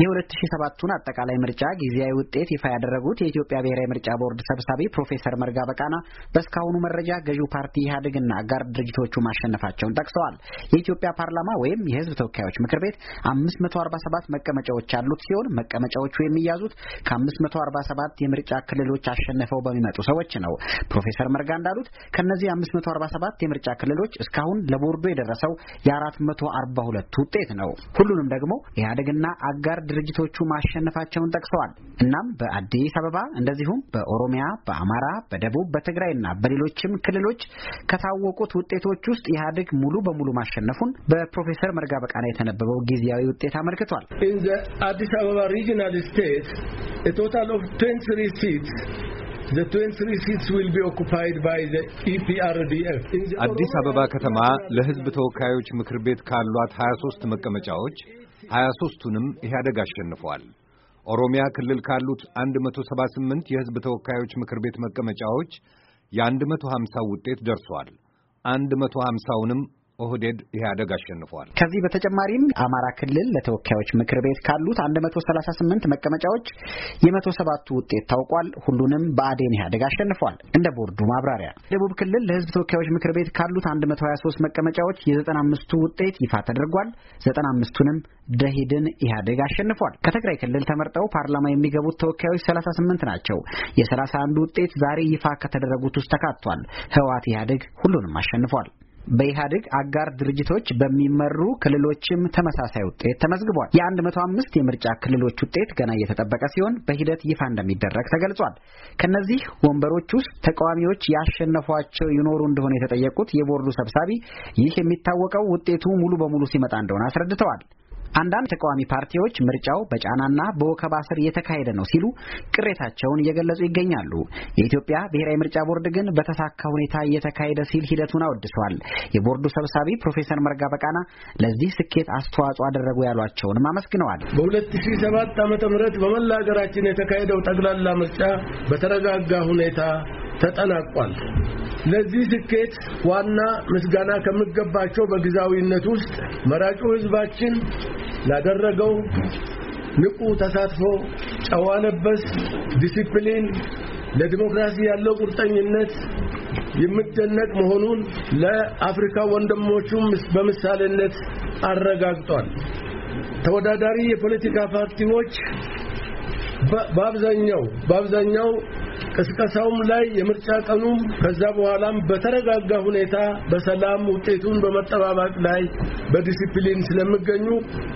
የ2007ቱን አጠቃላይ ምርጫ ጊዜያዊ ውጤት ይፋ ያደረጉት የኢትዮጵያ ብሔራዊ ምርጫ ቦርድ ሰብሳቢ ፕሮፌሰር መርጋ በቃና በእስካሁኑ መረጃ ገዢው ፓርቲ ኢህአዴግና አጋር ድርጅቶቹ ማሸነፋቸውን ጠቅሰዋል። የኢትዮጵያ ፓርላማ ወይም የህዝብ ተወካዮች ምክር ቤት 547 መቀመጫዎች ያሉት ሲሆን መቀመጫዎቹ የሚያዙት ከ547 የምርጫ ክልሎች አሸንፈው በሚመጡ ሰዎች ነው። ፕሮፌሰር መርጋ እንዳሉት ከእነዚህ 547 የምርጫ ክልሎች እስካሁን ለቦርዱ የደረሰው የ442 ውጤት ነው። ሁሉንም ደግሞ ኢህአዴግና አጋር ድርጅቶቹ ማሸነፋቸውን ጠቅሰዋል። እናም በአዲስ አበባ እንደዚሁም በኦሮሚያ፣ በአማራ፣ በደቡብ፣ በትግራይና በሌሎችም ክልሎች ከታወቁት ውጤቶች ውስጥ ኢህአዴግ ሙሉ በሙሉ ማሸነፉን በፕሮፌሰር መርጋ በቃና የተነበበው ጊዜያዊ ውጤት አመልክቷል። አዲስ አበባ ሪጂናል ስቴት ቶታል ኦፍ አዲስ አበባ ከተማ ለሕዝብ ተወካዮች ምክር ቤት ካሏት 23 መቀመጫዎች 23ቱንም ኢህአደግ አሸንፏል። ኦሮሚያ ክልል ካሉት 178 የሕዝብ ተወካዮች ምክር ቤት መቀመጫዎች የ150 ውጤት ደርሷል። 150ውንም ኦህዴድ ኢህአደግ አሸንፏል። ከዚህ በተጨማሪም አማራ ክልል ለተወካዮች ምክር ቤት ካሉት 138 መቀመጫዎች የመቶ ሰባቱ ውጤት ታውቋል። ሁሉንም በአዴን ኢህአደግ አሸንፏል። እንደ ቦርዱ ማብራሪያ ደቡብ ክልል ለህዝብ ተወካዮች ምክር ቤት ካሉት 123 መቀመጫዎች የ95ቱ ውጤት ይፋ ተደርጓል። 95ቱንም ደሂድን ኢህአደግ አሸንፏል። ከትግራይ ክልል ተመርጠው ፓርላማ የሚገቡት ተወካዮች 38 ናቸው። የ31 ውጤት ዛሬ ይፋ ከተደረጉት ውስጥ ተካቷል። ህወሓት ኢህአደግ ሁሉንም አሸንፏል። በኢህአዴግ አጋር ድርጅቶች በሚመሩ ክልሎችም ተመሳሳይ ውጤት ተመዝግቧል። የ105 የምርጫ ክልሎች ውጤት ገና እየተጠበቀ ሲሆን በሂደት ይፋ እንደሚደረግ ተገልጿል። ከነዚህ ወንበሮች ውስጥ ተቃዋሚዎች ያሸነፏቸው ይኖሩ እንደሆነ የተጠየቁት የቦርዱ ሰብሳቢ ይህ የሚታወቀው ውጤቱ ሙሉ በሙሉ ሲመጣ እንደሆነ አስረድተዋል። አንዳንድ ተቃዋሚ ፓርቲዎች ምርጫው በጫናና በወከባ ስር እየተካሄደ ነው ሲሉ ቅሬታቸውን እየገለጹ ይገኛሉ። የኢትዮጵያ ብሔራዊ ምርጫ ቦርድ ግን በተሳካ ሁኔታ እየተካሄደ ሲል ሂደቱን አወድሷል። የቦርዱ ሰብሳቢ ፕሮፌሰር መርጋ በቃና ለዚህ ስኬት አስተዋጽኦ አደረጉ ያሏቸውንም አመስግነዋል። በ2007 ዓ.ም በመላ ሀገራችን የተካሄደው ጠቅላላ ምርጫ በተረጋጋ ሁኔታ ተጠናቋል። ለዚህ ስኬት ዋና ምስጋና ከሚገባቸው በግዛዊነት ውስጥ መራጩ ህዝባችን። ላደረገው ንቁ ተሳትፎ፣ ጨዋ ለበስ ዲሲፕሊን፣ ለዲሞክራሲ ያለው ቁርጠኝነት የሚደነቅ መሆኑን ለአፍሪካ ወንድሞቹም በምሳሌነት አረጋግጧል። ተወዳዳሪ የፖለቲካ ፓርቲዎች በአብዛኛው በአብዛኛው ቅስቀሳውም ላይ የምርጫ ቀኑም ከዛ በኋላም በተረጋጋ ሁኔታ በሰላም ውጤቱን በመጠባበቅ ላይ በዲሲፕሊን ስለሚገኙ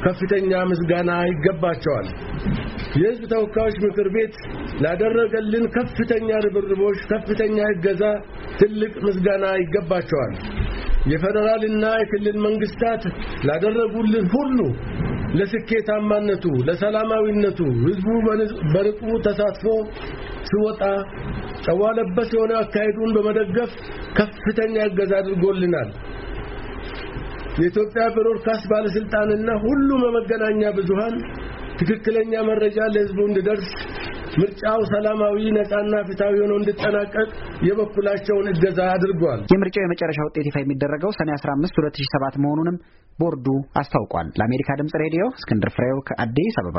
ከፍተኛ ምስጋና ይገባቸዋል። የህዝብ ተወካዮች ምክር ቤት ላደረገልን ከፍተኛ ርብርቦች፣ ከፍተኛ እገዛ ትልቅ ምስጋና ይገባቸዋል። የፌደራልና የክልል መንግስታት ላደረጉልን ሁሉ ለስኬታማነቱ፣ ለሰላማዊነቱ ህዝቡ በንቁ ተሳትፎ ስወጣ ጨዋ ለበስ የሆነ አካሄዱን በመደገፍ ከፍተኛ እገዛ አድርጎልናል። የኢትዮጵያ ብሮድካስት ባለስልጣንና ሁሉም የመገናኛ ብዙሃን ትክክለኛ መረጃ ለህዝቡ እንዲደርስ ምርጫው ሰላማዊ ነጻና ፍትሐዊ ሆኖ እንዲጠናቀቅ የበኩላቸውን እገዛ አድርጓል። የምርጫው የመጨረሻ ውጤት ይፋ የሚደረገው ሰኔ 15 2007 መሆኑንም ቦርዱ አስታውቋል። ለአሜሪካ ድምጽ ሬዲዮ እስክንድር ፍሬው ከአዲስ አበባ